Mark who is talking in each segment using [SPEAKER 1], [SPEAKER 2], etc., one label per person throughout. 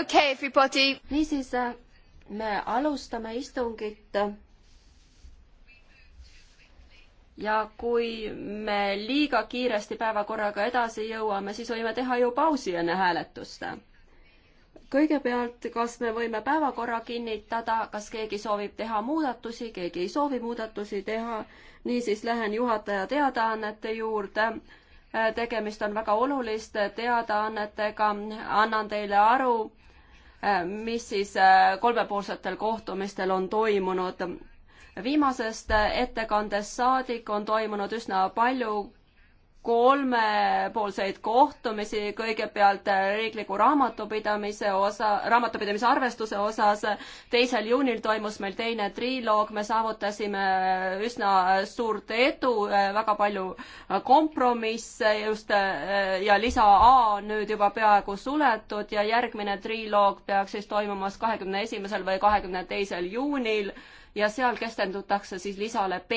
[SPEAKER 1] okay, everybody. niisiis, äh,
[SPEAKER 2] me alustame istungit. ja kui me liiga kiiresti päevakorraga edasi jõuame, siis võime teha ju pausi enne hääletust. kõigepealt, kas me võime päevakorra kinnitada, kas keegi soovib teha muudatusi, keegi ei soovi muudatusi teha. niisiis lähen juhataja teadaannete juurde äh, tegemist on väga oluliste teadaannetega, annan teile aru, Äh, mis siis äh, kolmepoolsetel kohtumistel on toimunud. viimasest äh, ettekandest saadik on toimunud üsna palju kolmepoolseid kohtumisi, kõigepealt riikliku raamatupidamise osa, raamatupidamise arvestuse osas. teisel juunil toimus meil teine triloog, me saavutasime üsna suurt edu, väga palju kompromisse just ja lisa A nüüd juba peaaegu suletud ja järgmine triloog peaks siis toimumas kahekümne esimesel või kahekümne teisel juunil ja seal keskendutakse siis lisale B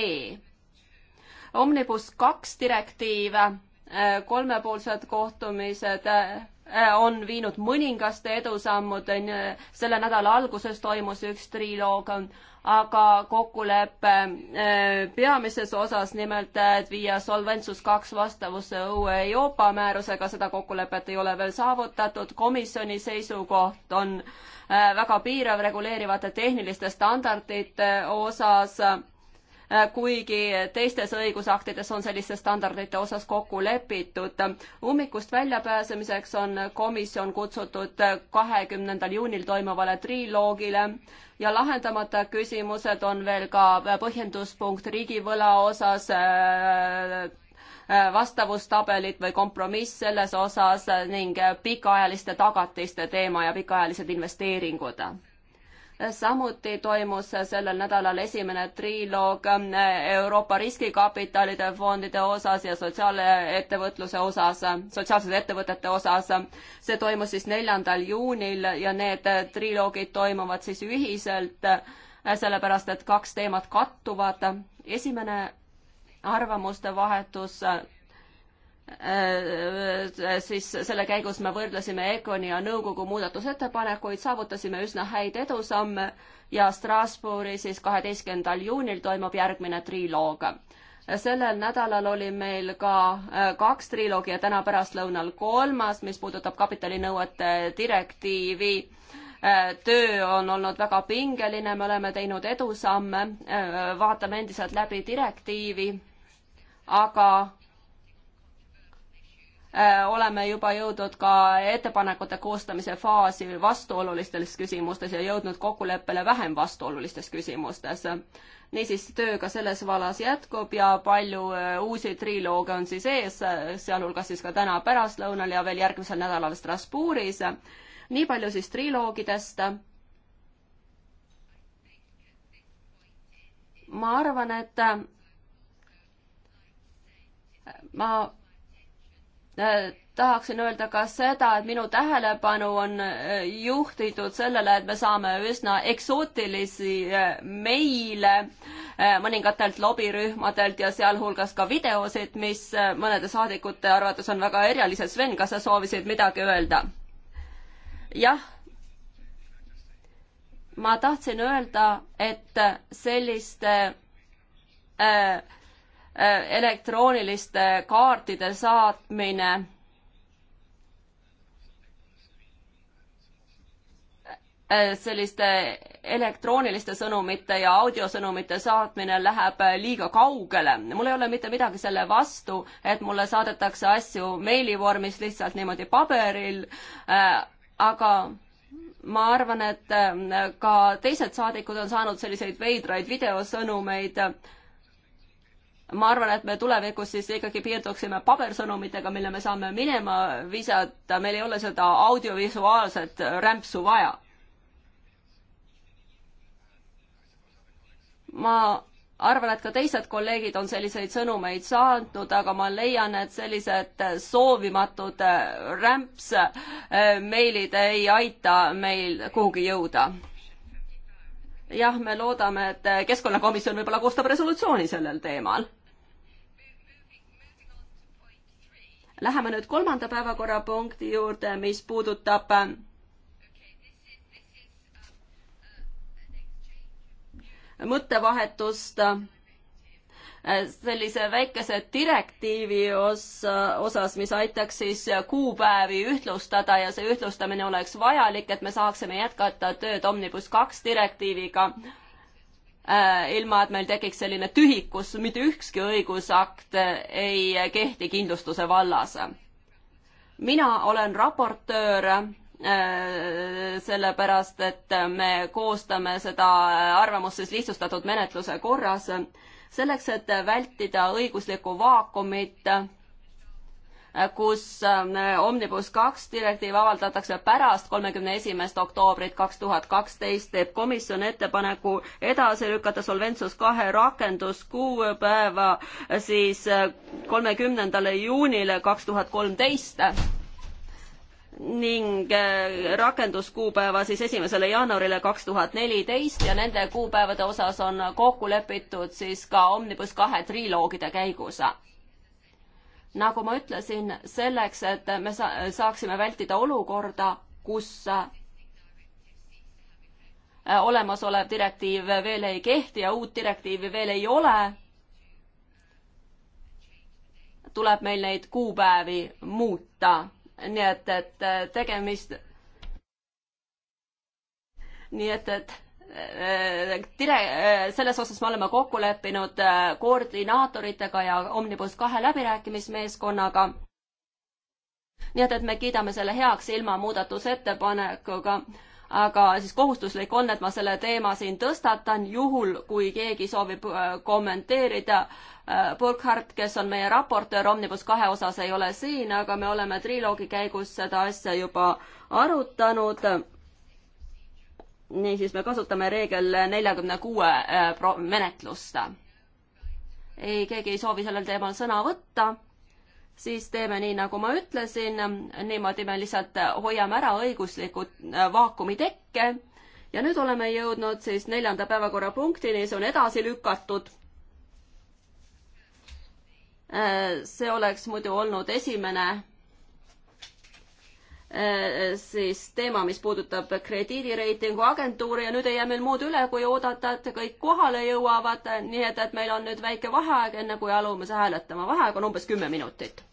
[SPEAKER 2] Omnibus kaks direktiiv, äh, kolmepoolsed kohtumised äh, äh, on viinud mõningaste edusammudeni, selle nädala alguses toimus üks triloog, aga kokkulepe peamises osas, nimelt et viia Solventsus kaks vastavusse uue Euroopa määrusega, seda kokkulepet ei ole veel saavutatud, komisjoni seisukoht on väga piirav reguleerivate tehniliste standardite osas Äh, kuigi teistes õigusaktides on selliste standardite osas kokku lepitud. ummikust väljapääsemiseks on komisjon kutsutud kahekümnendal juunil toimuvale triloogile ja lahendamata küsimused on veel ka põhjenduspunkt riigivõla osas äh, äh, vastavustabelit või kompromiss selles osas ning pikaajaliste tagatiste teema ja pikaajalised investeeringud samuti toimus sellel nädalal esimene triloog eh, Euroopa riskikapitalide fondide osas ja sotsiaalettevõtluse osas, sotsiaalsete ettevõtete osas. see toimus siis neljandal juunil ja need triloogid toimuvad siis ühiselt, eh, sellepärast et kaks teemat kattuvad. esimene arvamuste vahetus Äh, äh, siis selle käigus me võrdlesime EKONi ja nõukogu muudatusettepanekuid, saavutasime üsna häid edusamme ja Strasbourgi siis kaheteistkümnendal juunil toimub järgmine triloog. sellel nädalal oli meil ka äh, kaks triloogi ja täna pärastlõunal kolmas, mis puudutab kapitalinõuete direktiivi töö on olnud väga pingeline, me oleme teinud edusamme, vaatame endiselt läbi direktiivi, aga Äh, oleme juba jõudnud ka ettepanekute koostamise faasi vastuolulistes küsimustes ja jõudnud kokkuleppele vähem vastuolulistes küsimustes. niisiis, töö ka selles vallas jätkub ja palju äh, uusi trilooge on siis ees, sealhulgas siis ka täna pärastlõunal ja veel järgmisel nädalal Strasbourgis. nii palju siis triloogidest. ma arvan, et äh, ma Äh, tahaksin öelda ka seda, et minu tähelepanu on äh, juhtitud sellele, et me saame üsna eksootilisi äh, meile mõningatelt lobirühmadelt ja sealhulgas ka videosid, mis mõnede saadikute arvates on väga erialised. Sven, kas sa soovisid midagi öelda? jah. ma tahtsin öelda, et selliste äh, Äh, elektrooniliste kaartide saatmine äh, selliste elektrooniliste sõnumite ja audiosõnumite saatmine läheb liiga kaugele. mul ei ole mitte midagi selle vastu, et mulle saadetakse asju meilivormis lihtsalt niimoodi paberil, äh, aga ma arvan, et ka teised saadikud on saanud selliseid veidraid videosõnumeid ma arvan, et me tulevikus siis ikkagi piirduksime pabersõnumitega, mille me saame minema visata, meil ei ole seda audiovisuaalset rämpsu vaja. ma arvan, et ka teised kolleegid on selliseid sõnumeid saanud, aga ma leian, et sellised soovimatud rämps eh, meilid ei aita meil kuhugi jõuda. jah, me loodame, et Keskkonnakomisjon võib-olla koostab resolutsiooni sellel teemal Läheme nüüd kolmanda päevakorrapunkti juurde, mis puudutab äh, mõttevahetust äh, sellise väikese direktiivi osa, äh, osas, mis aitaks siis kuupäevi ühtlustada ja see ühtlustamine oleks vajalik, et me saaksime jätkata tööd Omnibus kaks direktiiviga Äh, ilma et meil tekiks selline tühik, kus mitte ükski õigusakt äh, ei kehti kindlustuse vallas. mina olen raportöör äh, sellepärast, et me koostame seda arvamust siis lihtsustatud menetluse korras, selleks, et vältida õiguslikku vaakumit kus ähm, Omnibus kaks direktiiv avaldatakse pärast kolmekümne esimest oktoobrit kaks tuhat kaksteist, teeb komisjon ettepaneku edasi lükata Solventsus kahe rakendus kuupäeva äh, siis äh, kolmekümnendale juunile kaks tuhat kolmteist ning äh, rakenduskuupäeva siis esimesele jaanuarile kaks tuhat neliteist ja nende kuupäevade osas on kokku lepitud siis ka Omnibus kahe triloogide käigus nagu ma ütlesin, selleks, et me saaksime vältida olukorda, kus äh, olemasolev direktiiv veel ei kehti ja uut direktiivi veel ei ole, tuleb meil neid kuupäevi muuta. nii et, et äh, tegemist, nii et, et Äh, äh, dire-, äh, selles osas me oleme kokku leppinud koordinaatoritega ja Omnibus kahe läbirääkimismeeskonnaga. nii et, et me kiidame selle heaks ilma muudatusettepanekuga, aga siis kohustuslik on, et ma selle teema siin tõstatan, juhul kui keegi soovib kommenteerida. Burkhardt, kes on meie raportöör Omnibus kahe osas, ei ole siin, aga me oleme triloogi käigus seda asja juba arutanud niisiis, me kasutame reegel neljakümne kuue äh, menetlust. ei, keegi ei soovi sellel teemal sõna võtta, siis teeme nii, nagu ma ütlesin, niimoodi me lihtsalt hoiame ära õigusliku äh, vaakumi tekke ja nüüd oleme jõudnud siis neljanda päevakorrapunktini, see on edasi lükatud. Äh, see oleks muidu olnud esimene Äh, siis teema, mis puudutab krediidireitingu agentuuri ja nüüd ei jää meil muud üle, kui oodata, et kõik kohale jõuavad, nii et, et meil on nüüd väike vaheaeg, enne kui alume hääletama. vaheaeg on umbes kümme minutit.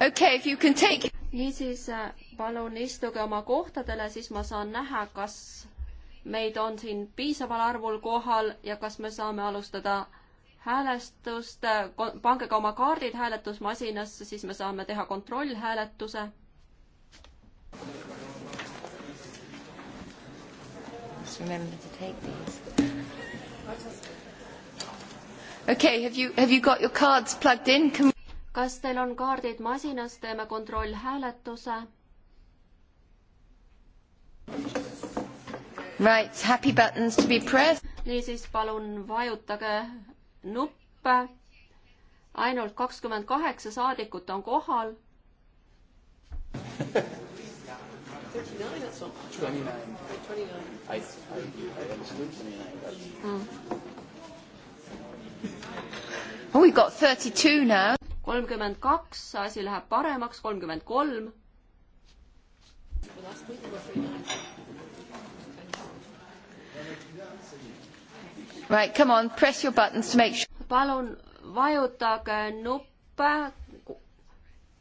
[SPEAKER 1] okay, if you can take... niisiis,
[SPEAKER 2] äh, palun istuge oma kohtadele, siis ma saan näha, kas meid on siin piisaval arvul kohal ja kas me saame alustada häälestust. Äh, pange ka oma kaardid hääletusmasinasse, siis me saame teha kontrollhääletuse.
[SPEAKER 1] Just remember to take these. Okay, have you, have you got your cards plugged in? Can
[SPEAKER 2] kas teil on kaardid masinas, teeme kontrollhääletuse.
[SPEAKER 1] Right, happy buttons to be pressed.
[SPEAKER 2] niisiis, palun vajutage nuppe. ainult kakskümmend kaheksa saadikut on kohal
[SPEAKER 1] Thirty-nine or something? Twenty-nine. Twenty-nine.
[SPEAKER 2] I, I, I understood twenty-nine. That's...
[SPEAKER 1] Mm. Oh,
[SPEAKER 2] we've got 32 now kolmkümmend kaks, asi läheb paremaks, kolmkümmend kolm.
[SPEAKER 1] Right, come on, press your buttons to make sure.
[SPEAKER 2] palun vajutage nuppe.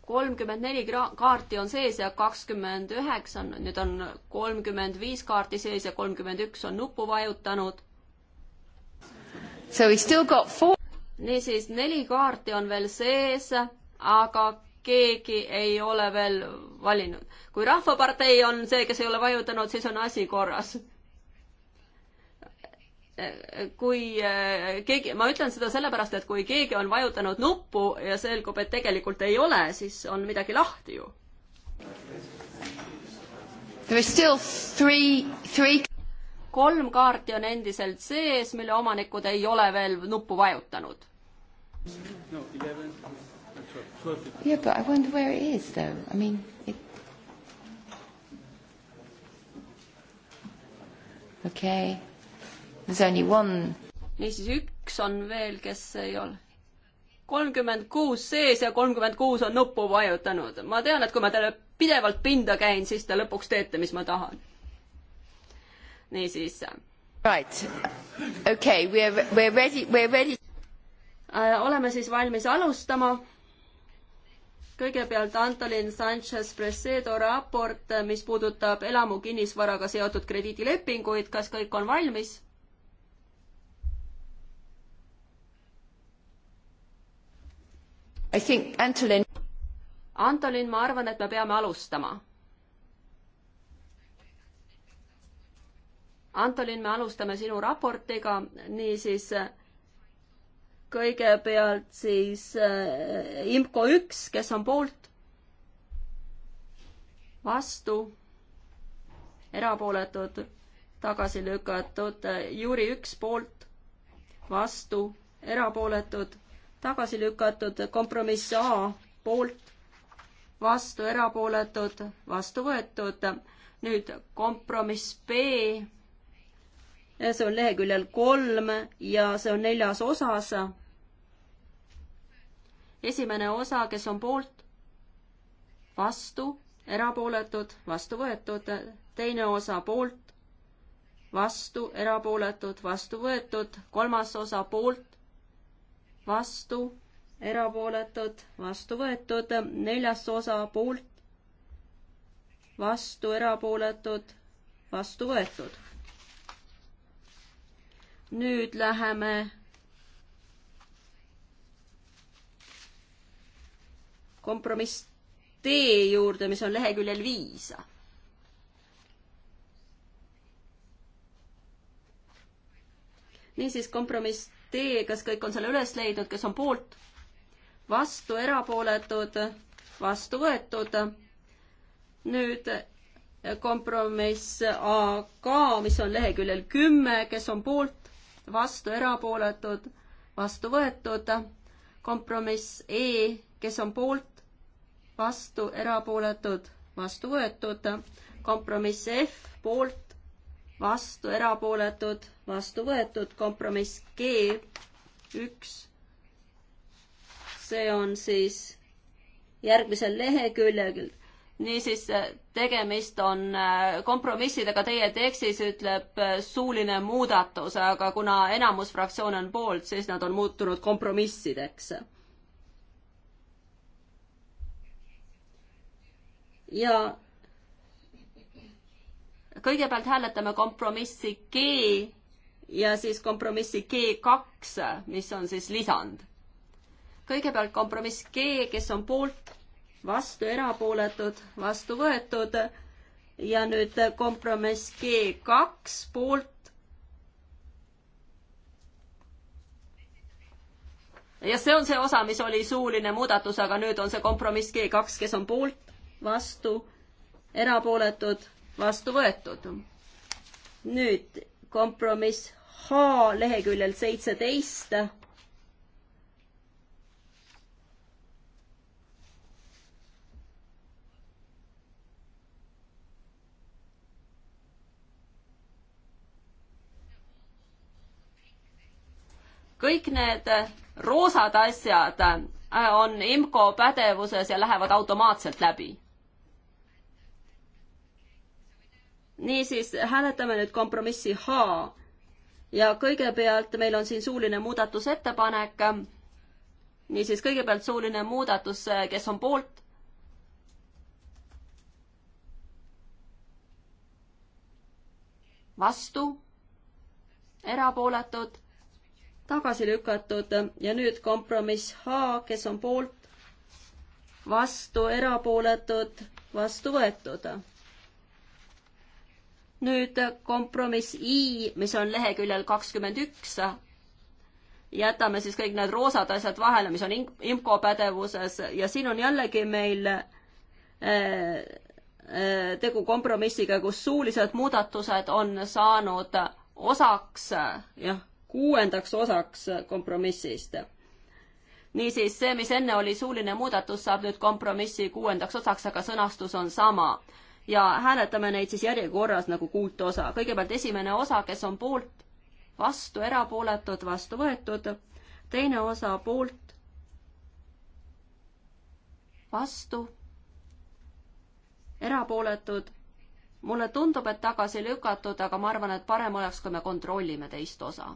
[SPEAKER 2] kolmkümmend neli kaarti on sees ja kakskümmend üheksa, nüüd on kolmkümmend viis kaarti sees ja kolmkümmend üks on nuppu vajutanud.
[SPEAKER 1] So we still got four
[SPEAKER 2] niisiis, neli kaarti on veel sees, aga keegi ei ole veel valinud. kui Rahvapartei on see, kes ei ole vajutanud, siis on asi korras. kui eh, keegi, ma ütlen seda sellepärast, et kui keegi on vajutanud nuppu ja selgub, et tegelikult ei ole, siis on midagi lahti ju. There are still three, three kolm kaarti on endiselt sees, mille omanikud ei ole veel nuppu vajutanud. Yeah, but I
[SPEAKER 1] wonder where it is though. I mean, it... Okay. There's only one.
[SPEAKER 2] niisiis, üks on veel, kes ei ole. kolmkümmend kuus sees ja kolmkümmend kuus on nuppu vajutanud. ma tean, et kui ma teile pidevalt pinda käin, siis te lõpuks teete, mis ma tahan niisiis. Right, okei okay,, we are, we are ready, we are ready. Äh, oleme siis valmis alustama. kõigepealt Antolin Sanchez Presedo raport, äh, mis puudutab elamu kinnisvaraga seotud krediidilepinguid, kas kõik on valmis? I think Antolin. Antolin, ma arvan, et me peame alustama Antolin, me alustame sinu raportiga, niisiis kõigepealt siis äh, IMCO üks, kes on poolt? vastu? erapooletud? tagasi lükatud, Jüri üks poolt, vastu, erapooletud, tagasi lükatud, kompromiss A poolt, vastu, erapooletud, vastu võetud. nüüd kompromiss B see on leheküljel kolm ja see on neljas osas. esimene osa, kes on poolt, vastu, erapooletud, vastu võetud, teine osa poolt, vastu, erapooletud, vastu võetud, kolmas osa poolt, vastu, erapooletud, vastu võetud, neljas osa poolt, vastu, erapooletud, vastu võetud nüüd läheme kompromiss D juurde, mis on leheküljel viis. niisiis, kompromiss D, kas kõik on selle üles leidnud, kes on poolt, vastu, erapooletud, vastu võetud. nüüd kompromiss AK, mis on leheküljel kümme, kes on poolt, vastu erapooletud, vastu võetud. kompromiss E, kes on poolt, vastu erapooletud, vastu võetud. kompromiss F, poolt, vastu erapooletud, vastu võetud. kompromiss G, üks. see on siis järgmisel leheküljel niisiis, äh, tegemist on äh, kompromissidega, teie tekstis ütleb äh, suuline muudatus, aga kuna enamus fraktsioone on poolt, siis nad on muutunud kompromissideks ja kõigepealt hääletame kompromissi G ja siis kompromissi G2, mis on siis lisand. kõigepealt kompromiss G, kes on poolt, vastu erapooletud, vastu võetud ja nüüd kompromiss G kaks poolt. ja see on see osa, mis oli suuline muudatus, aga nüüd on see kompromiss G kaks, kes on poolt, vastu, erapooletud, vastu võetud. nüüd kompromiss H leheküljel seitseteist kõik need roosad asjad äh, on IMCO pädevuses ja lähevad automaatselt läbi. niisiis, hääletame nüüd kompromissi H ja kõigepealt meil on siin suuline muudatusettepanek. niisiis, kõigepealt suuline muudatus, äh, kes on poolt? vastu? erapooletud tagasi lükatud ja nüüd kompromiss H, kes on poolt, vastu, erapooletud, vastu võetud. nüüd kompromiss I, mis on leheküljel kakskümmend üks. jätame siis kõik need roosad asjad vahele, mis on IMCO pädevuses ja siin on jällegi meil eh, eh, tegu kompromissiga, kus suulised muudatused on saanud osaks, jah kuuendaks osaks kompromissist. niisiis, see, mis enne oli suuline muudatus, saab nüüd kompromissi kuuendaks osaks, aga sõnastus on sama. ja hääletame neid siis järjekorras nagu kuut osa. kõigepealt esimene osa, kes on poolt, vastu, erapooletud, vastu võetud. teine osa poolt, vastu, erapooletud mulle tundub, et tagasi lükatud, aga ma arvan, et parem oleks, kui me kontrollime teist osa.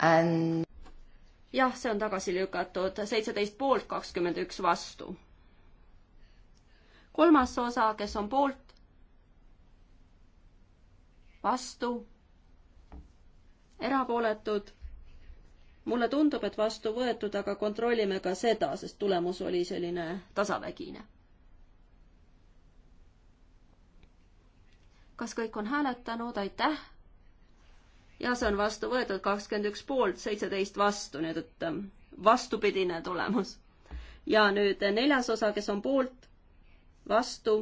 [SPEAKER 2] and jah, see on tagasi lükatud, seitseteist poolt, kakskümmend üks vastu. kolmas osa, kes on poolt, vastu, erapooletud. mulle tundub, et vastu võetud, aga kontrollime ka seda, sest tulemus oli selline tasavägine. kas kõik on hääletanud, aitäh ja see on vastu võetud kakskümmend üks poolt, seitseteist vastu, nii et ähm, vastupidine tulemus. ja nüüd äh, neljas osa, kes on poolt, vastu,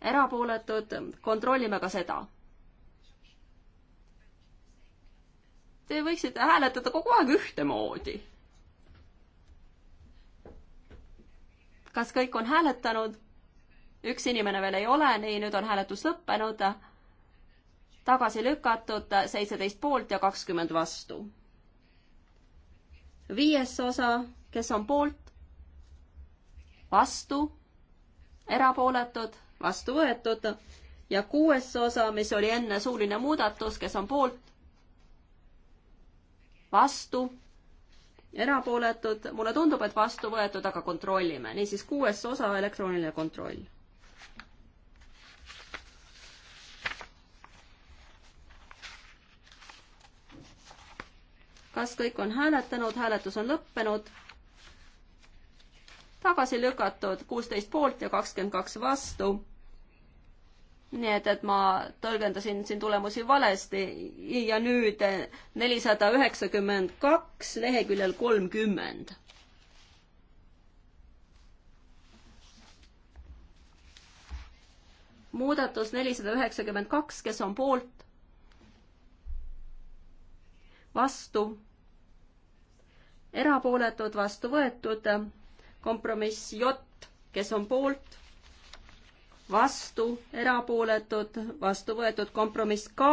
[SPEAKER 2] erapooletud, ähm, kontrollime ka seda. Te võiksite hääletada kogu aeg ühtemoodi kas kõik on hääletanud? üks inimene veel ei ole, nii nüüd on hääletus lõppenud tagasi lükatud, seitseteist poolt ja kakskümmend vastu. viies osa, kes on poolt, vastu, erapooletud, vastu võetud ja kuues osa, mis oli enne suuline muudatus, kes on poolt, vastu, erapooletud, mulle tundub, et vastu võetud, aga kontrollime. niisiis kuues osa, elektrooniline kontroll kas kõik on hääletanud, hääletus on lõppenud. tagasi lükatud kuusteist poolt ja kakskümmend kaks vastu. nii et, et ma tõlgendasin siin tulemusi valesti ja nüüd nelisada üheksakümmend kaks leheküljel kolmkümmend muudatus nelisada üheksakümmend kaks, kes on poolt? vastu? erapooletud, vastu võetud, kompromiss J, kes on poolt, vastu, erapooletud, vastu võetud, kompromiss K,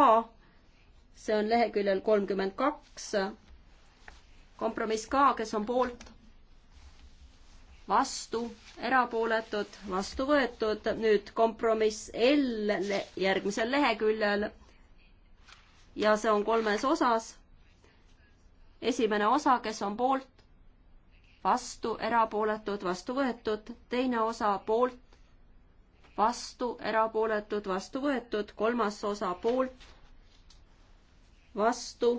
[SPEAKER 2] see on leheküljel kolmkümmend kaks, kompromiss K, kes on poolt, vastu, erapooletud, vastu võetud, nüüd kompromiss L järgmisel leheküljel ja see on kolmes osas esimene osa, kes on poolt, vastu, erapooletud, vastu võetud, teine osa poolt, vastu, erapooletud, vastu võetud, kolmas osa poolt, vastu,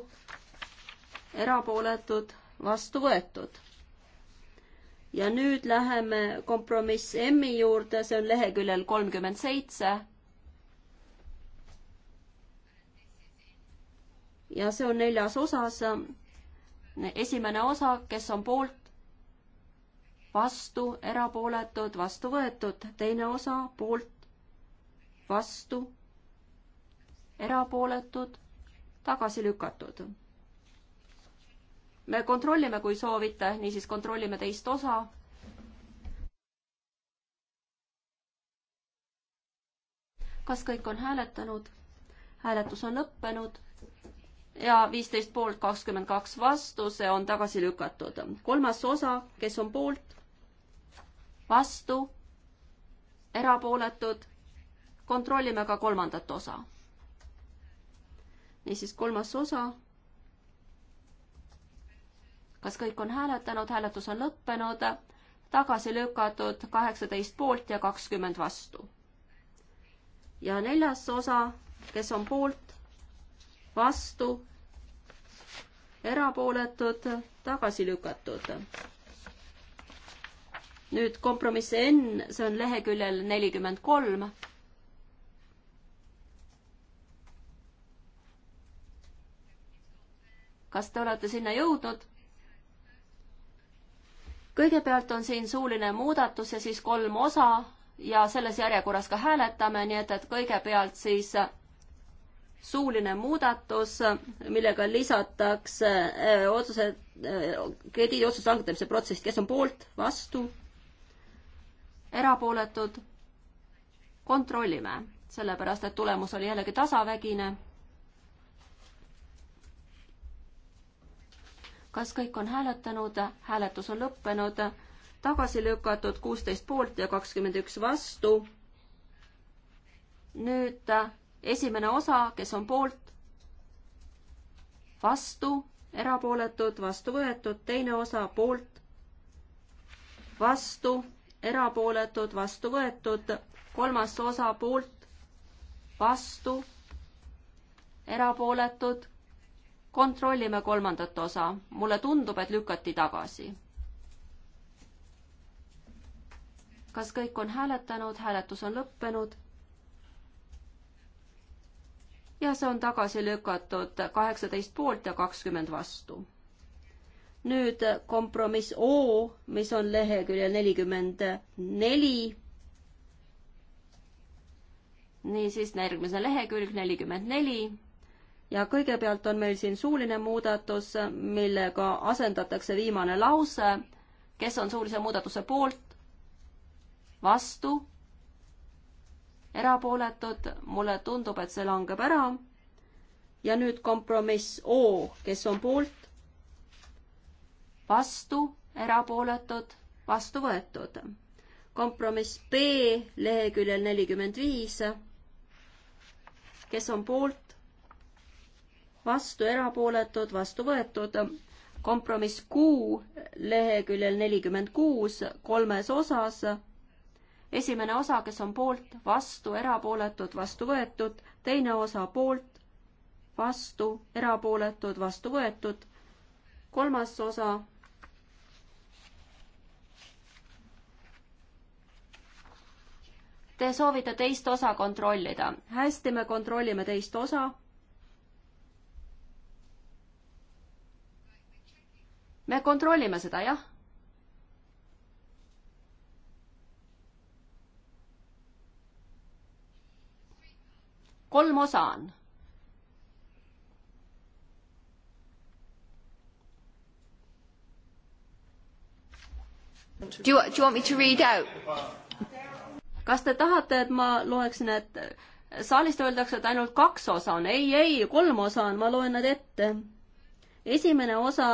[SPEAKER 2] erapooletud, vastu võetud. ja nüüd läheme kompromiss M-i juurde, see on leheküljel kolmkümmend seitse. ja see on neljas osas esimene osa, kes on poolt, vastu, erapooletud, vastu võetud, teine osa poolt, vastu, erapooletud, tagasi lükatud. me kontrollime, kui soovite, niisiis kontrollime teist osa kas kõik on hääletanud? hääletus on lõppenud ja viisteist poolt, kakskümmend kaks vastu, see on tagasi lükatud. kolmas osa, kes on poolt, vastu, erapooletud, kontrollime ka kolmandat osa. niisiis, kolmas osa. kas kõik on hääletanud, hääletus on lõppenud, tagasi lükatud kaheksateist poolt ja kakskümmend vastu. ja neljas osa, kes on poolt, vastu, erapooletud, tagasi lükatud. nüüd kompromiss N, see on leheküljel nelikümmend kolm. kas te olete sinna jõudnud? kõigepealt on siin suuline muudatus ja siis kolm osa ja selles järjekorras ka hääletame, nii et, et kõigepealt siis suuline muudatus, millega lisatakse äh, otsuse, äh, krediidiotsuse langetamise protsess, kes on poolt, vastu, erapooletud, kontrollime, sellepärast et tulemus oli jällegi tasavägine. kas kõik on hääletanud, hääletus on lõppenud, tagasi lükatud kuusteist poolt ja kakskümmend üks vastu. nüüd esimene osa, kes on poolt, vastu, erapooletud, vastu võetud, teine osa poolt, vastu, erapooletud, vastu võetud, kolmas osa poolt, vastu, erapooletud. kontrollime kolmandat osa, mulle tundub, et lükati tagasi. kas kõik on hääletanud, hääletus on lõppenud ja see on tagasi lükatud kaheksateist poolt ja kakskümmend vastu. nüüd kompromiss O, mis on leheküljel nelikümmend neli. niisiis, järgmise lehekülg nelikümmend neli ja kõigepealt on meil siin suuline muudatus, millega asendatakse viimane lause, kes on suulise muudatuse poolt, vastu erapooletud, mulle tundub, et see langeb ära. ja nüüd kompromiss O, kes on poolt, vastu, erapooletud, vastu võetud. kompromiss B leheküljel nelikümmend viis, kes on poolt, vastu, erapooletud, vastu võetud. kompromiss Q leheküljel nelikümmend kuus, kolmes osas esimene osa, kes on poolt, vastu, erapooletud, vastu võetud, teine osa poolt, vastu, erapooletud, vastu võetud, kolmas osa Te soovite teist osa kontrollida. hästi, me kontrollime teist osa. me kontrollime seda, jah kolm osa on.
[SPEAKER 1] Do you, do you want me to read out?
[SPEAKER 2] kas te tahate, et ma loeksin, et saalist öeldakse, et ainult kaks osa on. ei, ei, kolm osa on, ma loen nad ette. esimene osa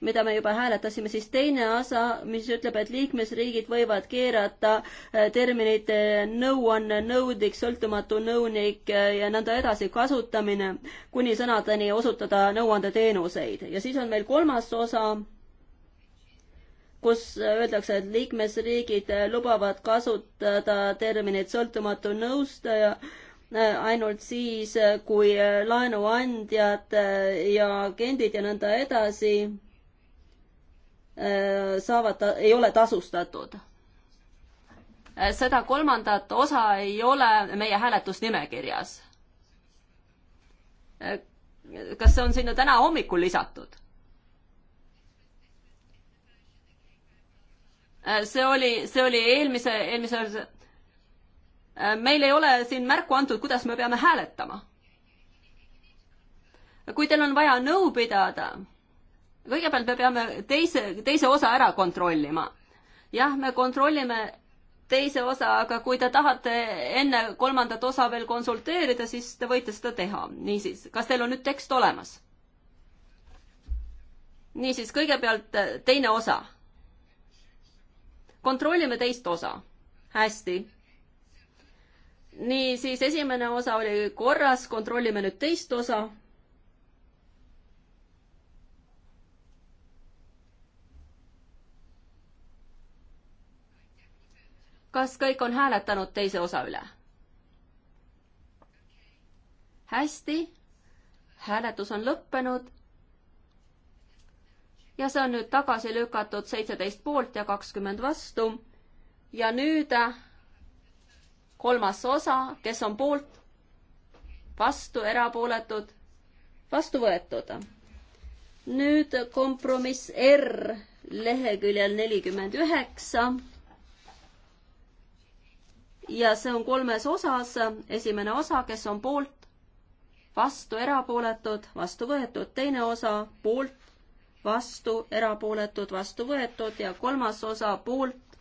[SPEAKER 2] mida me juba hääletasime, siis teine osa, mis ütleb, et liikmesriigid võivad keerata äh, terminite äh, nõuanne, nõudlik, sõltumatu nõunik äh, ja nõnda edasi kasutamine kuni sõnadeni osutada nõuandeteenuseid ja siis on meil kolmas osa kus öeldakse, et liikmesriigid lubavad kasutada terminit sõltumatu nõustaja ainult siis, kui laenuandjad ja agendid ja nõnda edasi Äh, saavad, ei ole tasustatud. Äh, seda kolmandat osa ei ole meie hääletusnimekirjas. Äh, kas see on sinna täna hommikul lisatud? see oli, see oli eelmise, eelmise, meil ei ole siin märku antud, kuidas me peame hääletama. kui teil on vaja nõu pidada kõigepealt me peame teise, teise osa ära kontrollima. jah, me kontrollime teise osa, aga kui te tahate enne kolmandat osa veel konsulteerida, siis te võite seda teha. niisiis, kas teil on nüüd tekst olemas? niisiis, kõigepealt äh, teine osa. kontrollime teist osa. hästi. niisiis, esimene osa oli korras, kontrollime nüüd teist osa kas kõik on hääletanud teise osa üle? hästi, hääletus on lõppenud. ja see on nüüd tagasi lükatud seitseteist poolt ja kakskümmend vastu. ja nüüd kolmas osa, kes on poolt, vastu, erapooletud, vastu võetud. nüüd kompromiss R leheküljel nelikümmend üheksa ja see on kolmes osas. esimene osa, kes on poolt, vastu, erapooletud, vastu võetud, teine osa poolt, vastu, erapooletud, vastu võetud ja kolmas osa poolt,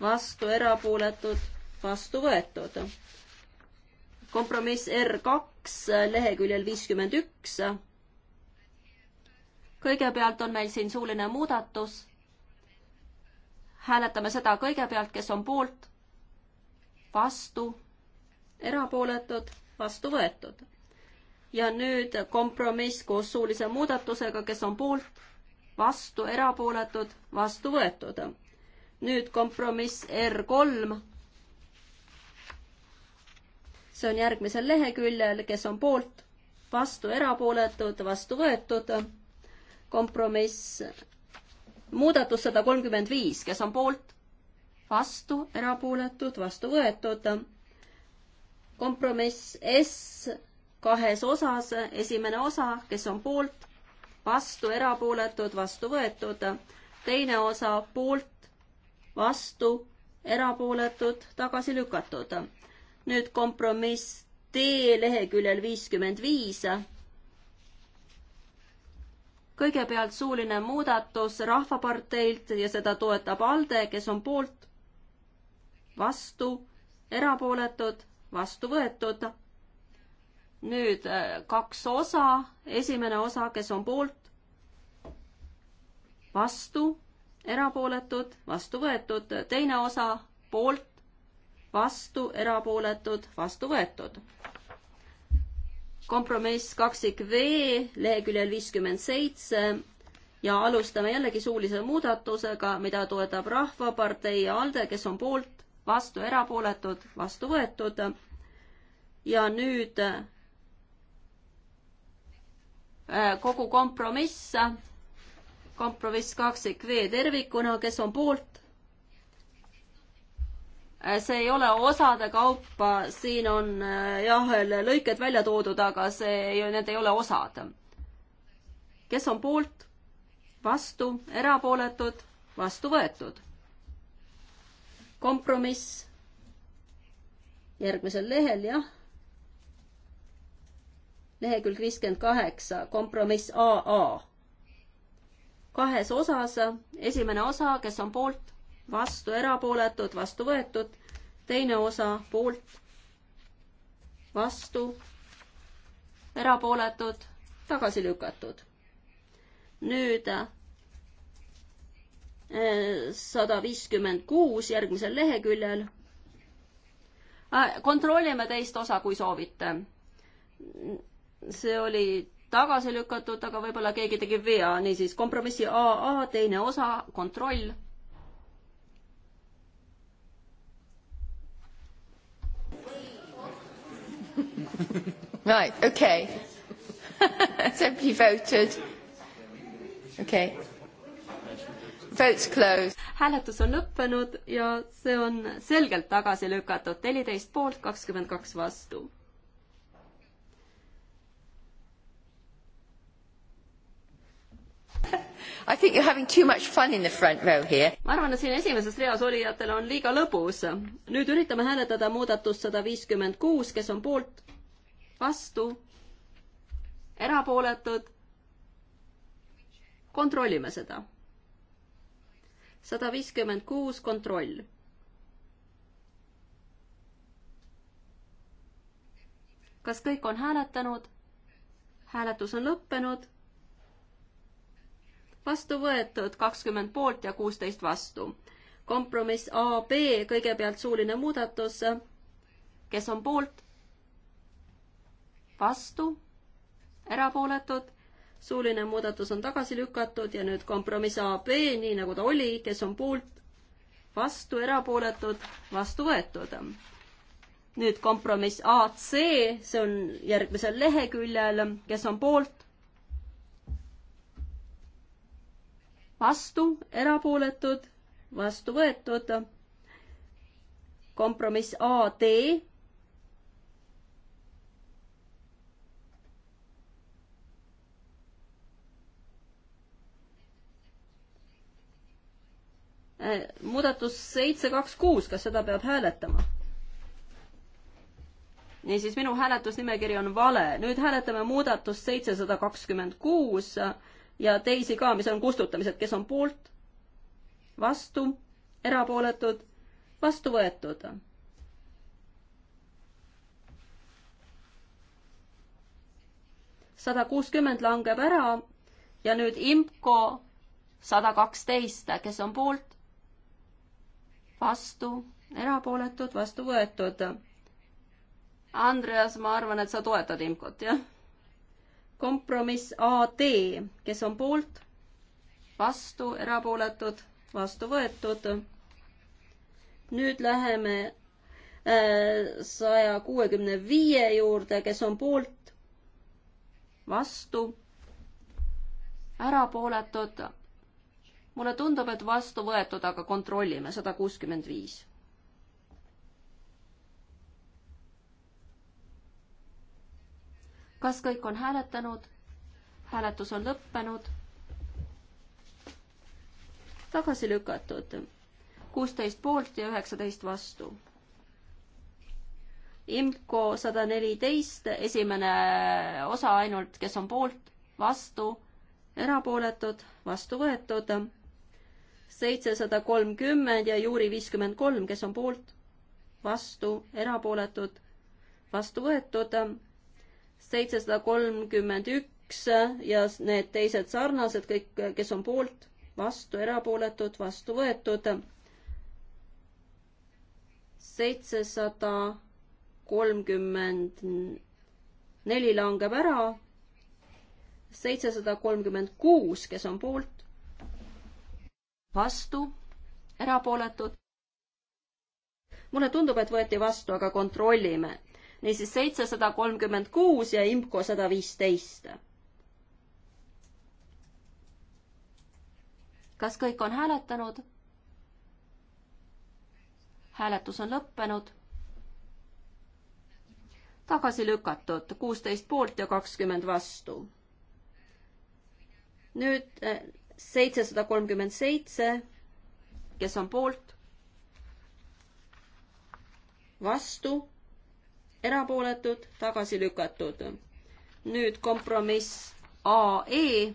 [SPEAKER 2] vastu, erapooletud, vastu võetud. kompromiss R kaks leheküljel viiskümmend üks. kõigepealt on meil siin suuline muudatus. hääletame seda kõigepealt, kes on poolt vastu, erapooletud, vastu võetud. ja nüüd kompromiss koos suulise muudatusega, kes on poolt, vastu, erapooletud, vastu võetud. nüüd kompromiss R kolm. see on järgmisel leheküljel, kes on poolt, vastu, erapooletud, vastu võetud. kompromiss, muudatus sada kolmkümmend viis, kes on poolt, vastu, erapooletud, vastu võetud. kompromiss S kahes osas, esimene osa, kes on poolt, vastu, erapooletud, vastu võetud. teine osa poolt, vastu, erapooletud, tagasi lükatud. nüüd kompromiss D leheküljel viiskümmend viis kõigepealt suuline muudatus Rahvaparteilt ja seda toetab ALDE, kes on poolt, vastu, erapooletud, vastu võetud. nüüd äh, kaks osa, esimene osa, kes on poolt, vastu, erapooletud, vastu võetud, teine osa poolt, vastu, erapooletud, vastu võetud. kompromiss kaksik V leheküljel viiskümmend seitse ja alustame jällegi suulise muudatusega, mida toetab Rahvapartei ja ALDE, kes on poolt, vastu erapooletud, vastu võetud. ja nüüd äh, kogu kompromiss, kompromiss kaksik V tervikuna, kes on poolt? Äh, see ei ole osade kaupa, siin on äh, jah, lõiked välja toodud, aga see, need ei ole osad. kes on poolt, vastu, erapooletud, vastu võetud kompromiss järgmisel lehel, jah. lehekülg viiskümmend kaheksa, kompromiss AA. kahes osas, esimene osa, kes on poolt, vastu, erapooletud, vastu võetud, teine osa poolt, vastu, erapooletud, tagasi lükatud. nüüd sada viiskümmend kuus järgmisel leheküljel. kontrollime teist osa, kui soovite. see oli tagasi lükatud, aga võib-olla keegi tegi vea, niisiis kompromissi AA teine osa, kontroll.
[SPEAKER 1] Right, okay. Simply voted. Okay
[SPEAKER 2] hääletus on lõppenud ja see on selgelt tagasi lükatud, neliteist poolt, kakskümmend kaks vastu. I think you are having too much fun in the front row here. ma arvan, et siin esimeses reas olijatel on liiga lõbus. nüüd üritame hääletada muudatust sada viiskümmend kuus, kes on poolt, vastu, erapooletud. kontrollime seda sada viiskümmend kuus, kontroll. kas kõik on hääletanud? hääletus on lõppenud. vastu võetud kakskümmend poolt ja kuusteist vastu. kompromiss AB, kõigepealt suuline muudatus. kes on poolt? vastu? erapooletud? suuline muudatus on tagasi lükatud ja nüüd kompromiss AB, nii nagu ta oli, kes on poolt, vastu, erapooletud, vastu võetud. nüüd kompromiss AC, see on järgmisel leheküljel, kes on poolt, vastu, erapooletud, vastu võetud. kompromiss AD muudatus seitse, kaks, kuus, kas seda peab hääletama? niisiis, minu hääletusnimekiri on vale. nüüd hääletame muudatust seitsesada kakskümmend kuus ja teisi ka, mis on kustutamised, kes on poolt, vastu, erapooletud, vastu võetud. sada kuuskümmend langeb ära ja nüüd IMCO sada kaksteist, kes on poolt, vastu, erapooletud, vastu võetud. Andreas, ma arvan, et sa toetad Imkot, jah? kompromiss AD, kes on poolt, vastu, erapooletud, vastu võetud. nüüd läheme äh, saja kuuekümne viie juurde, kes on poolt, vastu, erapooletud mulle tundub, et vastu võetud, aga kontrollime, sada kuuskümmend viis. kas kõik on hääletanud? hääletus on lõppenud. tagasi lükatud, kuusteist poolt ja üheksateist vastu. IMCO sada neliteist, esimene osa ainult, kes on poolt, vastu, erapooletud, vastu võetud seitsesada kolmkümmend ja juuri viiskümmend kolm, kes on poolt, vastu, erapooletud, vastu võetud, seitsesada kolmkümmend üks ja need teised sarnased kõik, kes on poolt, vastu, erapooletud, vastu võetud, seitsesada kolmkümmend neli langeb ära, seitsesada kolmkümmend kuus, kes on poolt, vastu, erapooletud. mulle tundub, et võeti vastu, aga kontrollime. niisiis seitsesada kolmkümmend kuus ja IMCO sada viisteist. kas kõik on hääletanud? hääletus on lõppenud. tagasi lükatud kuusteist poolt ja kakskümmend vastu. nüüd eh, seitsesada kolmkümmend seitse, kes on poolt, vastu, erapooletud, tagasi lükatud. nüüd kompromiss AE,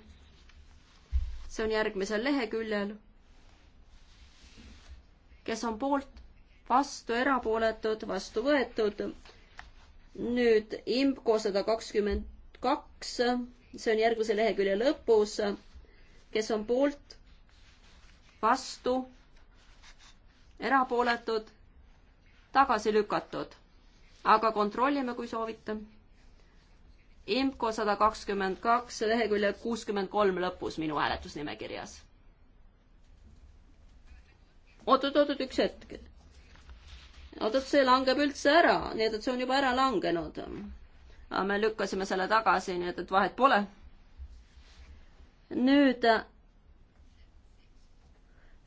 [SPEAKER 2] see on järgmisel leheküljel. kes on poolt, vastu, erapooletud, vastu võetud. nüüd IMCO sada kakskümmend kaks, see on järgmise lehekülje lõpus kes on poolt, vastu, erapooletud, tagasi lükatud. aga kontrollime, kui soovite. IMCO sada kakskümmend kaks, lehekülje kuuskümmend kolm lõpus minu hääletusnimekirjas oot-oot-oot, üks hetk. oot-oot, see langeb üldse ära, nii et, et see on juba ära langenud. aga me lükkasime selle tagasi, nii et, et vahet pole nüüd äh,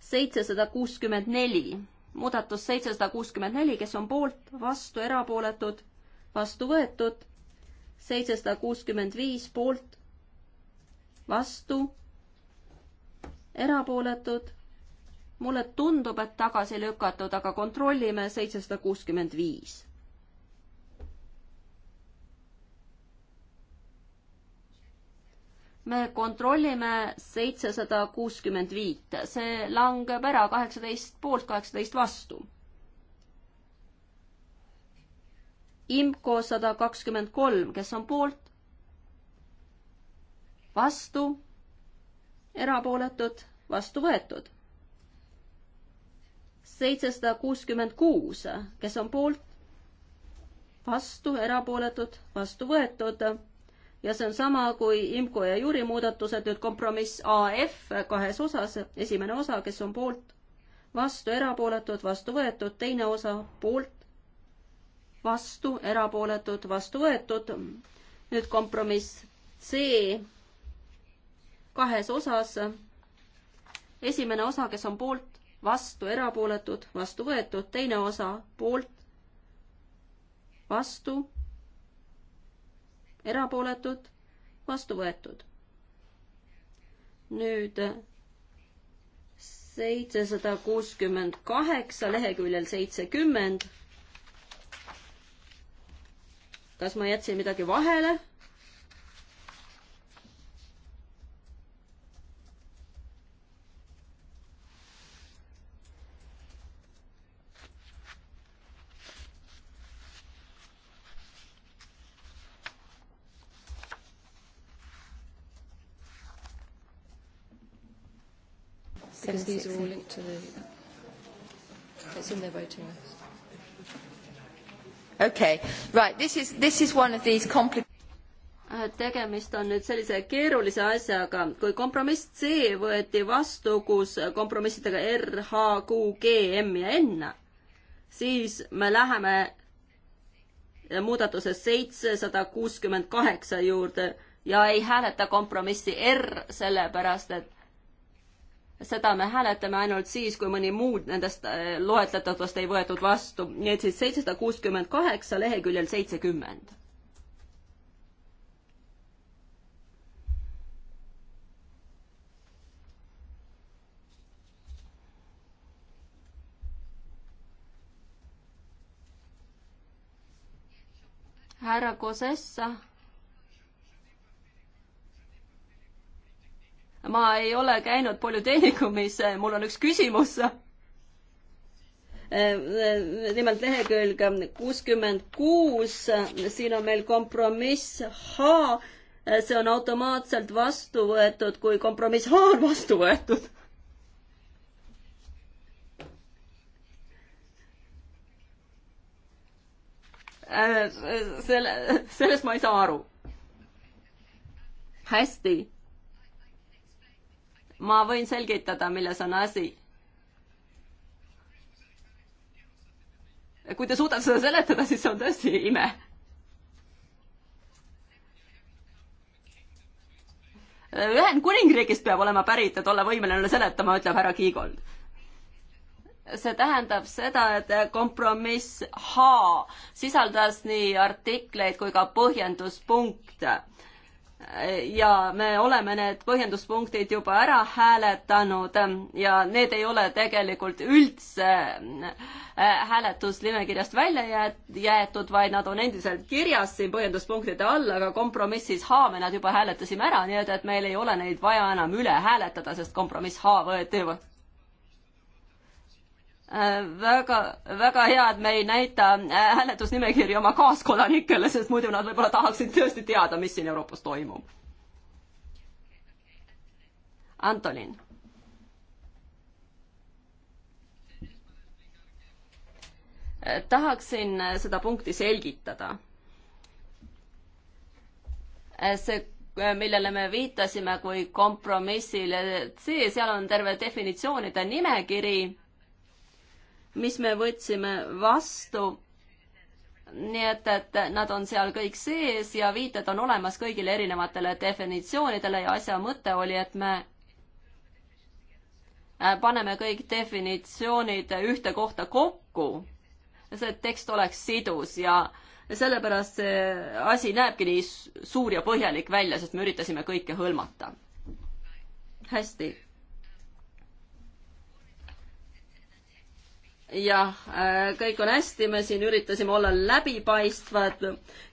[SPEAKER 2] seitsesada kuuskümmend neli, muudatus seitsesada kuuskümmend neli, kes on poolt, vastu, erapooletud, vastu võetud, seitsesada kuuskümmend viis poolt, vastu, erapooletud, mulle tundub, et tagasi lükatud, aga kontrollime seitsesada kuuskümmend viis me kontrollime seitsesada kuuskümmend viit, see langeb ära kaheksateist poolt, kaheksateist vastu. IMCO sada kakskümmend kolm, kes on poolt? vastu, erapooletud, vastu võetud. seitsesada kuuskümmend kuus, kes on poolt? vastu, erapooletud, vastu võetud ja see on sama kui IMCO ja Jüri muudatused, nüüd kompromiss AF kahes osas, esimene osa, kes on poolt, vastu, erapooletud, vastu võetud, teine osa poolt, vastu, erapooletud, vastu võetud. nüüd kompromiss C kahes osas. esimene osa, kes on poolt, vastu, erapooletud, vastu võetud, teine osa poolt, vastu erapooletud, vastu võetud. nüüd seitsesada kuuskümmend kaheksa leheküljel seitsekümmend. kas ma jätsin midagi vahele?
[SPEAKER 1] Because these are all linked to the... It's in their voting list. Okay, right, this is, this is one of these compli-...
[SPEAKER 2] Äh, tegemist on nüüd sellise keerulise asjaga, kui kompromiss C võeti vastu, kus kompromissidega R, H, Q, G, M ja N, siis me läheme muudatuse seitsesada kuuskümmend kaheksa juurde ja ei hääleta kompromissi R, sellepärast et seda me hääletame ainult siis, kui mõni muud nendest äh, loetletavast ei võetud vastu. nii et siis seitsesada kuuskümmend kaheksa leheküljel seitsekümmend. härra Kosessa ma ei ole käinud polüteenikumis, mul on üks küsimus. Eh, eh, nimelt lehekülg kuuskümmend kuus, siin on meil kompromiss H, eh, see on automaatselt vastu võetud, kui kompromiss H on vastu võetud. selle, sellest ma ei saa aru. hästi ma võin selgitada, milles on asi. kui te suudate seda seletada, siis see on tõesti ime. Ühendkuningriigist peab olema pärit, et olla võimeline seletama, ütleb härra Kiigold see tähendab seda, et kompromiss H sisaldas nii artikleid kui ka põhjenduspunkte ja me oleme need põhjenduspunktid juba ära hääletanud ja need ei ole tegelikult üldse äh, hääletusnimekirjast välja jäetud, vaid nad on endiselt kirjas siin põhjenduspunktide all, aga kompromissis H me nad juba hääletasime ära, nii et, et meil ei ole neid vaja enam üle hääletada, sest kompromiss H võeti väga, väga hea, et me ei näita äh, hääletusnimekirja oma kaaskodanikele, sest muidu nad võib-olla tahaksid tõesti teada, mis siin Euroopas toimub. Antonin. tahaksin äh, seda punkti selgitada. Äh, see millele me viitasime kui kompromissile C, seal on terve definitsioonide nimekiri mis me võtsime vastu. nii et, et nad on seal kõik sees ja viited on olemas kõigile erinevatele definitsioonidele ja asja mõte oli, et me äh, paneme kõik definitsioonid ühte kohta kokku. see tekst oleks sidus ja sellepärast see asi näebki nii suur ja põhjalik välja, sest me üritasime kõike hõlmata. hästi jah, äh, kõik on hästi, me siin üritasime olla läbipaistvad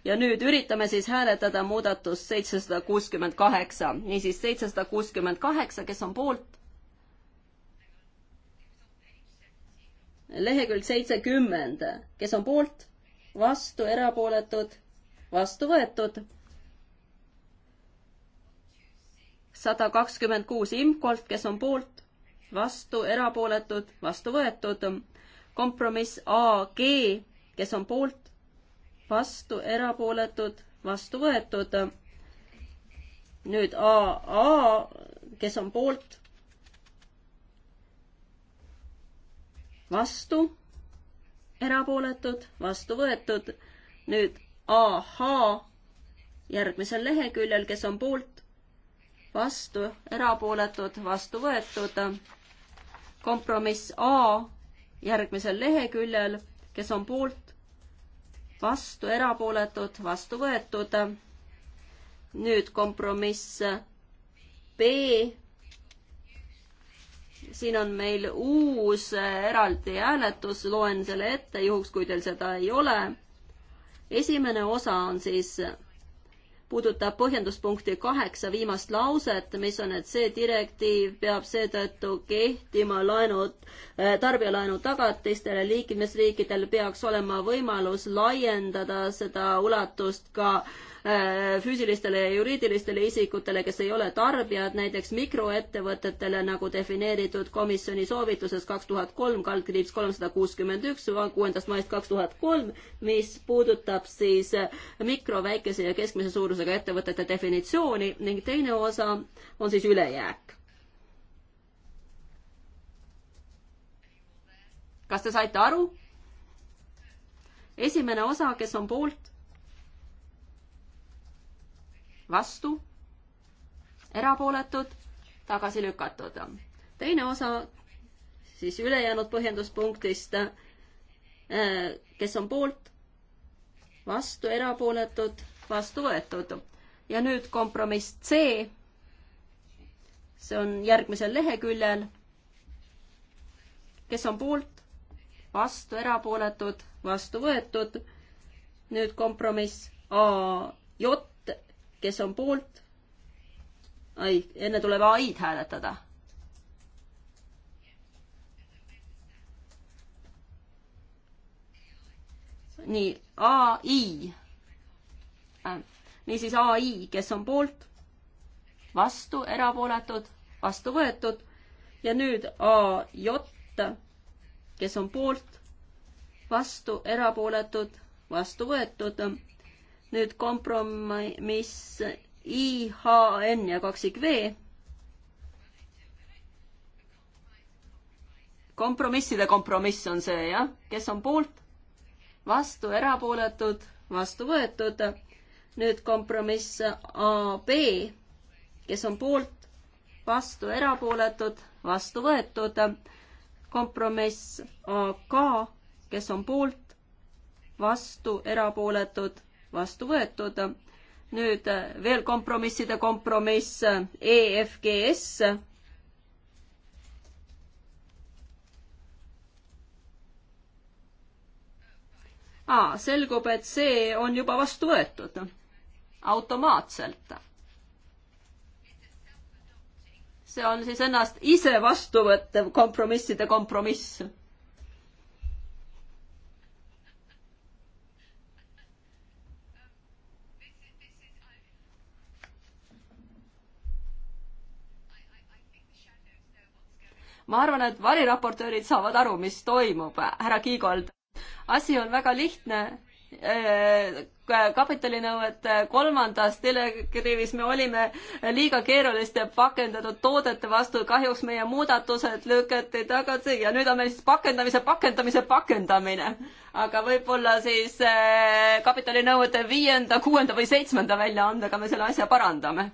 [SPEAKER 2] ja nüüd üritame siis hääletada muudatust seitsesada kuuskümmend kaheksa. niisiis, seitsesada kuuskümmend kaheksa, kes on poolt? lehekülg seitsekümmend, kes on poolt? vastu, erapooletud? vastu võetud? sada kakskümmend kuus imkolt, kes on poolt? vastu, erapooletud, vastu võetud kompromiss AG, kes on poolt, vastu, erapooletud, vastu võetud. nüüd AA, kes on poolt, vastu, erapooletud, vastu võetud. nüüd AH järgmisel leheküljel, kes on poolt, vastu, erapooletud, vastu võetud. kompromiss A järgmisel leheküljel, kes on poolt, vastu, erapooletud, vastu võetud. nüüd kompromiss B. siin on meil uus eraldi hääletus, loen selle ette, juhuks kui teil seda ei ole. esimene osa on siis puudutab põhjenduspunkti kaheksa viimast lauset, mis on, et see direktiiv peab seetõttu kehtima laenud, äh, tarbijalaenu tagatistele, liikmesriikidel peaks olema võimalus laiendada seda ulatust ka äh, Äh, füüsilistele ja juriidilistele isikutele, kes ei ole tarbijad, näiteks mikroettevõtetele, nagu defineeritud komisjoni soovituses kaks tuhat kolm, kaldkriips kolmsada kuuskümmend üks, kuuendast maist kaks tuhat kolm, mis puudutab siis mikro, väikese ja keskmise suurusega ettevõtete definitsiooni ning teine osa on siis ülejääk kas te saite aru? esimene osa, kes on poolt, vastu, erapooletud, tagasi lükatud. teine osa siis ülejäänud põhjenduspunktist, eh, kes on poolt, vastu, erapooletud, vastu võetud. ja nüüd kompromiss C. see on järgmisel leheküljel. kes on poolt, vastu, erapooletud, vastu võetud. nüüd kompromiss A J kes on poolt? ai, enne tuleb ai-d hääletada. nii, ai. Äh, niisiis ai, kes on poolt? vastu, erapooletud, vastu võetud ja nüüd aj, kes on poolt, vastu, erapooletud, vastu võetud nüüd kompromiss IHN ja kaksik V. kompromisside kompromiss on see jah, kes on poolt, vastu, erapooletud, vastu võetud. nüüd kompromiss AB, kes on poolt, vastu, erapooletud, vastu võetud. kompromiss AK, kes on poolt, vastu, erapooletud vastu võetud. nüüd äh, veel kompromisside kompromiss äh, EFGS. aa, selgub, et see on juba vastu võetud automaatselt. see on siis ennast ise vastuvõttev kompromisside kompromiss ma arvan, et variraportöörid saavad aru, mis toimub, härra Kiigold. asi on väga lihtne äh, kapitalinõuete kolmandas telekriivis me olime liiga keeruliste pakendatud toodete vastu, kahjuks meie muudatused lükati tagasi ja nüüd on meil siis pakendamise, pakendamise, pakendamine. aga võib-olla siis äh, kapitalinõuete viienda, kuuenda või seitsmenda väljaandega me selle asja parandame.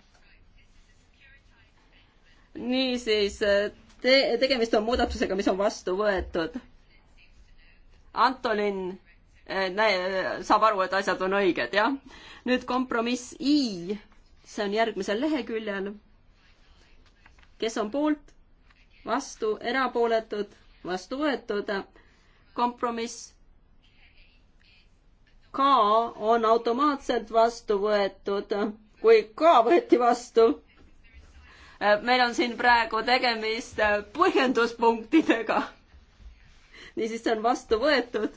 [SPEAKER 2] niisiis äh, Te, tegemist on muudatusega, mis on vastu võetud. Antolin eh, näe, saab aru, et asjad on õiged, jah. nüüd kompromiss I, see on järgmisel leheküljel. kes on poolt, vastu, erapooletud, vastu võetud. kompromiss K on automaatselt vastu võetud, kui K võeti vastu Äh, meil on siin praegu tegemist äh, põhjenduspunktidega. niisiis, see on vastu võetud.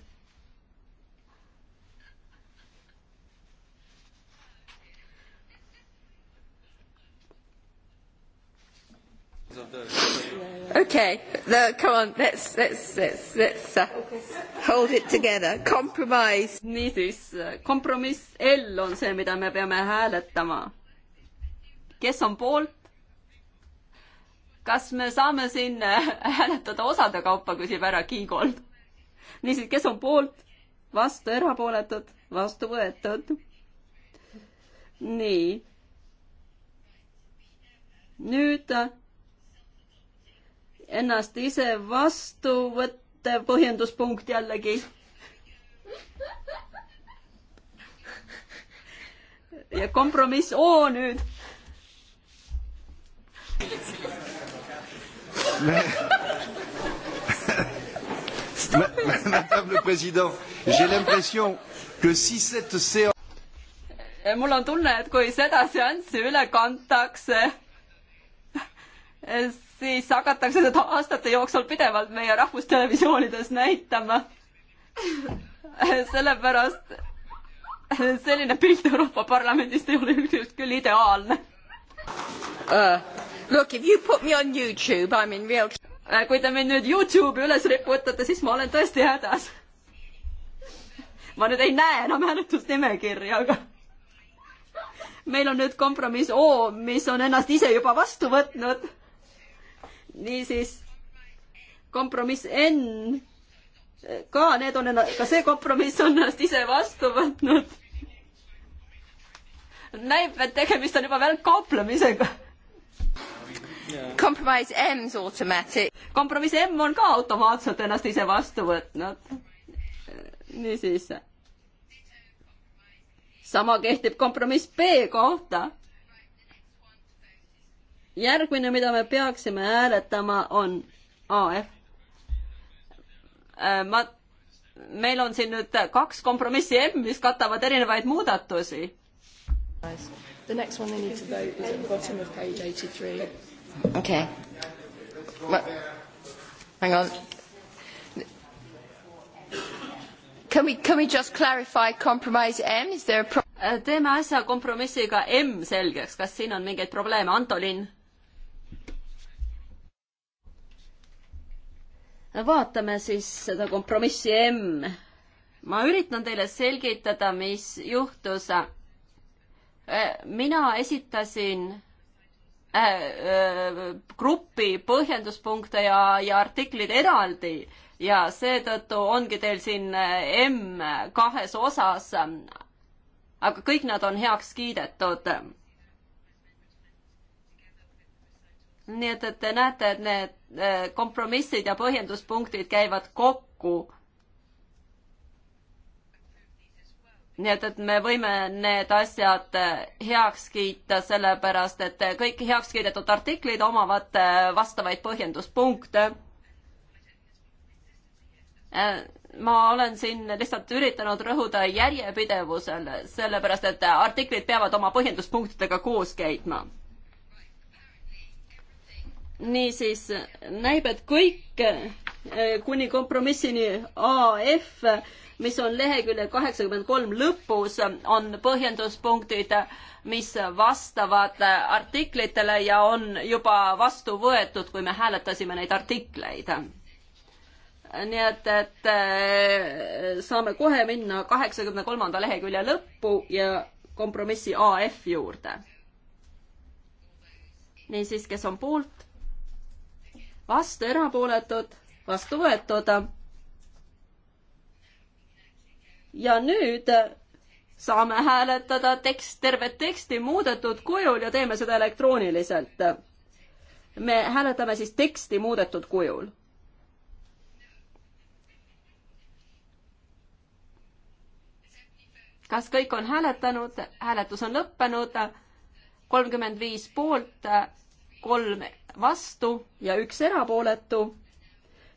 [SPEAKER 2] Okay, no, come on, let's, let's, let's, let's uh, hold it together. Compromise. niisiis, äh, kompromiss L on see, mida me peame hääletama. kes on poolt? kas me saame siin äh, hääletada osade kaupa, küsib härra Kiigold. niisiis, kes on poolt, vastu, erapooletud, vastu võetud? nii. nüüd äh, ennast ise vastu võttev põhjenduspunkt jällegi. ja kompromiss O nüüd Madame le Président, j'ai l'impression que si cette séance mul on tunne, et kui seda seanssi üle kantakse, siis hakatakse seda aastate jooksul pidevalt meie rahvustelevisioonides näitama. sellepärast selline pilt Euroopa Parlamendist ei ole ükskord küll ideaalne uh.. Look, if you put me on YouTube, I am in real äh, kui te mind nüüd Youtube'i üles riputate, siis ma olen tõesti hädas. ma nüüd ei näe enam hääletusnimekirja, aga meil on nüüd kompromiss O, mis on ennast ise juba vastu võtnud. niisiis kompromiss N ka, need on, ka see kompromiss on ennast ise vastu võtnud. näib, et tegemist on juba veel kauplemisega Compromise M-s automatic. kompromiss M on ka automaatselt ennast ise vastu võtnud. niisiis. sama kehtib kompromiss B kohta. järgmine, mida me peaksime hääletama, on AF. Äh, ma, meil on siin nüüd kaks kompromissi M, mis katavad erinevaid muudatusi.
[SPEAKER 1] The next one they need to vote is at the bottom of page 83. Okay. Well, hang on.
[SPEAKER 2] Can we, can we just clarify compromise M? Is there a pro- äh, teeme asja kompromissiga M selgeks, kas siin on mingeid probleeme, Antolin? vaatame siis seda kompromissi M. ma üritan teile selgitada, mis juhtus. Äh, mina esitasin Äh, äh, gruppi põhjenduspunkte ja, ja artiklid eraldi ja seetõttu ongi teil siin äh, M kahes osas. aga kõik nad on heaks kiidetud. nii et, et te näete, et need kompromissid ja põhjenduspunktid käivad kokku nii et, et me võime need asjad äh, heaks kiita, sellepärast et äh, kõik heaks kiidetud artiklid omavad äh, vastavaid põhjenduspunkte. ma olen siin lihtsalt üritanud rõhuda järjepidevusele, sellepärast et artiklid peavad oma põhjenduspunktidega koos käima niisiis näib, et kõik kuni kompromissini AF mis on lehekülje kaheksakümmend kolm lõpus, on põhjenduspunktid, mis vastavad artiklitele ja on juba vastu võetud, kui me hääletasime neid artikleid. nii et, et eh, saame kohe minna kaheksakümne kolmanda lehekülje lõppu ja kompromissi AF juurde. niisiis, kes on poolt? vastu, erapooletud, vastu võetud ja nüüd äh, saame hääletada tekst, tervet teksti muudetud kujul ja teeme seda elektrooniliselt. me hääletame siis teksti muudetud kujul. kas kõik on hääletanud? hääletus on lõppenud. kolmkümmend viis poolt, kolm vastu ja üks erapooletu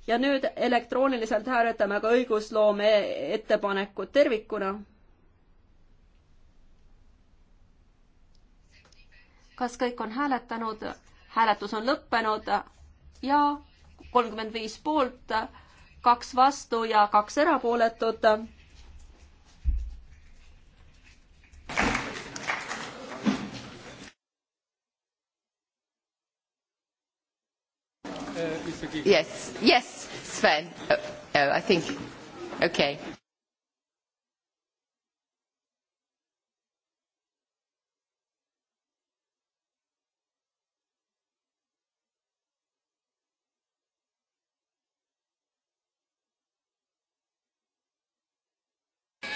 [SPEAKER 2] ja nüüd elektrooniliselt hääletame ka õigusloome ettepanekut tervikuna. kas kõik on hääletanud? hääletus on lõppenud ja kolmkümmend viis poolt, kaks vastu ja kaks erapooletut
[SPEAKER 1] Yes, yes, Sven. Oh, oh I think. Okay.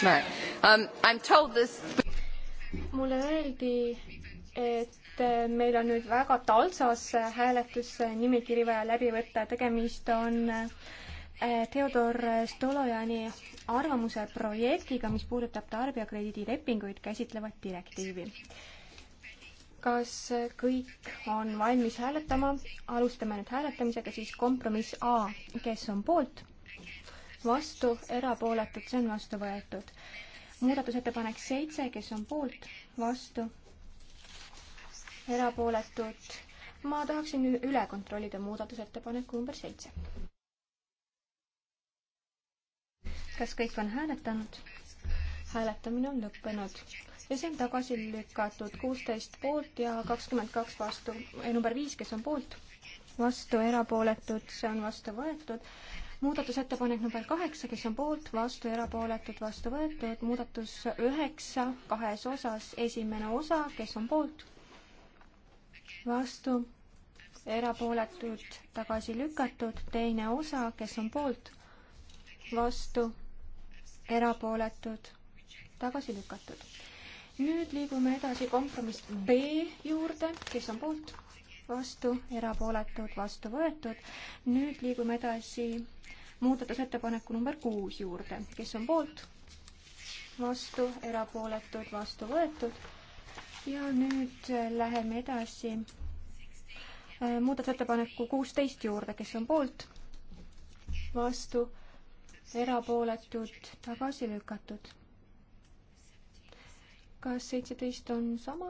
[SPEAKER 1] Right. Um, I'm told this. mulle öeldi, et meil on nüüd väga taltsas hääletusnimekiri vaja läbi võtta, tegemist on äh, Theodor Stolojani arvamuse projektiga, mis puudutab tarbijakrediidilepinguid käsitlevat direktiivi. kas kõik on valmis hääletama? alustame nüüd hääletamisega, siis kompromiss A, kes on poolt, vastu, erapooletud, see on vastu võetud. muudatusettepanek seitse, kes on poolt, vastu erapooletud. ma tahaksin üle kontrollida muudatusettepaneku number seitse. kas kõik on hääletanud? hääletamine on lõppenud ja see on tagasi lükatud kuusteist poolt ja kakskümmend kaks vastu. number viis, kes on poolt, vastu, erapooletud, see on vastu võetud muudatusettepanek number kaheksa, kes on poolt, vastu, erapooletud, vastu võetud, muudatus üheksa kahes osas, esimene osa, kes on poolt, vastu, erapooletud, tagasi lükatud, teine osa, kes on poolt, vastu, erapooletud, tagasi lükatud. nüüd liigume edasi kompromiss B juurde, kes on poolt, vastu, erapooletud, vastu võetud. nüüd liigume edasi muudatusettepaneku number kuus juurde, kes on poolt, vastu, erapooletud, vastu võetud ja nüüd äh, läheme edasi äh, muudatusettepaneku kuusteist juurde, kes on poolt, vastu, erapooletud, tagasi lükatud. kas seitseteist on sama?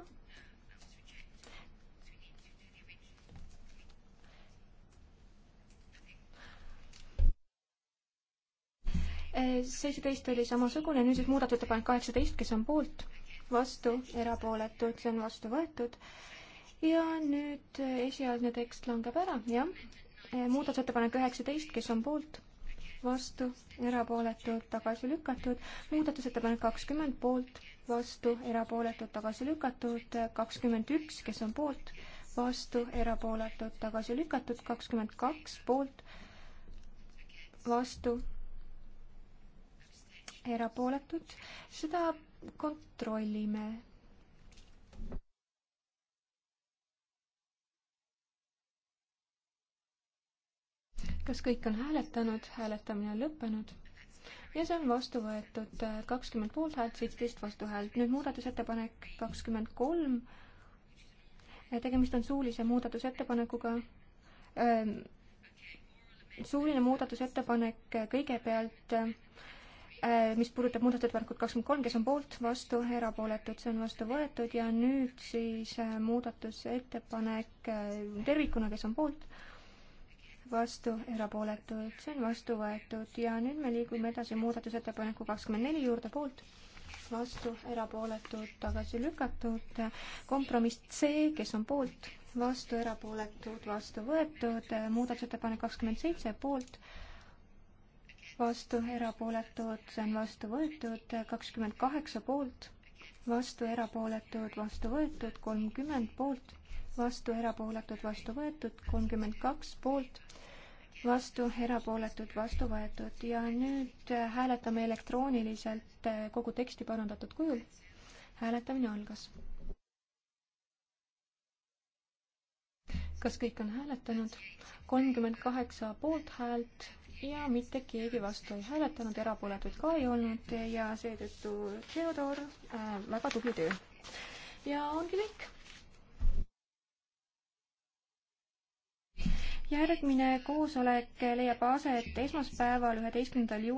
[SPEAKER 1] Äh, seitseteist oli samasugune, nüüd siis muudatusettepanek kaheksateist, kes on poolt, vastu, erapooletud, see on vastu võetud. ja nüüd esialgne tekst langeb ära, jah. muudatusettepanek üheksateist, kes on poolt, vastu, erapooletud, tagasi lükatud. muudatusettepanek kakskümmend, poolt, vastu, erapooletud, tagasi lükatud. kakskümmend üks, kes on poolt, vastu, erapooletud, tagasi lükatud. kakskümmend kaks, poolt, vastu, erapooletud. seda kontrollime. kas kõik on hääletanud, hääletamine on lõppenud ja see on vastu võetud kakskümmend poolthäält, seitseteist vastuhäält. nüüd muudatusettepanek kakskümmend kolm. tegemist on suulise muudatusettepanekuga ehm, suuline muudatusettepanek kõigepealt Äh, mis puudutab muudatusettepanekut kakskümmend kolm, kes on poolt, vastu, erapooletud, see on vastu võetud ja nüüd siis äh, muudatusettepanek äh, tervikuna, kes on poolt, vastu, erapooletud, see on vastu võetud ja nüüd me liigume edasi muudatusettepaneku kakskümmend neli juurde, poolt, vastu, erapooletud, tagasi lükatud, kompromiss C, kes on poolt, vastu, erapooletud, vastu võetud, muudatusettepanek kakskümmend seitse, poolt vastu, erapooletud, see on vastu võetud, kakskümmend kaheksa poolt, vastu, erapooletud, vastu võetud, kolmkümmend poolt, vastu, erapooletud, vastu võetud, kolmkümmend kaks poolt, vastu, erapooletud, vastu võetud ja nüüd äh, hääletame elektrooniliselt äh, kogu teksti parandatud kujul. hääletamine algas. kas kõik on hääletanud? kolmkümmend kaheksa poolthäält, ja mitte keegi vastu ei hääletanud, erapooletuid ka ei olnud ja seetõttu Theodor äh,, väga tubli töö. ja ongi kõik. järgmine koosolek leiab aset esmaspäeval, üheteistkümnendal juunil.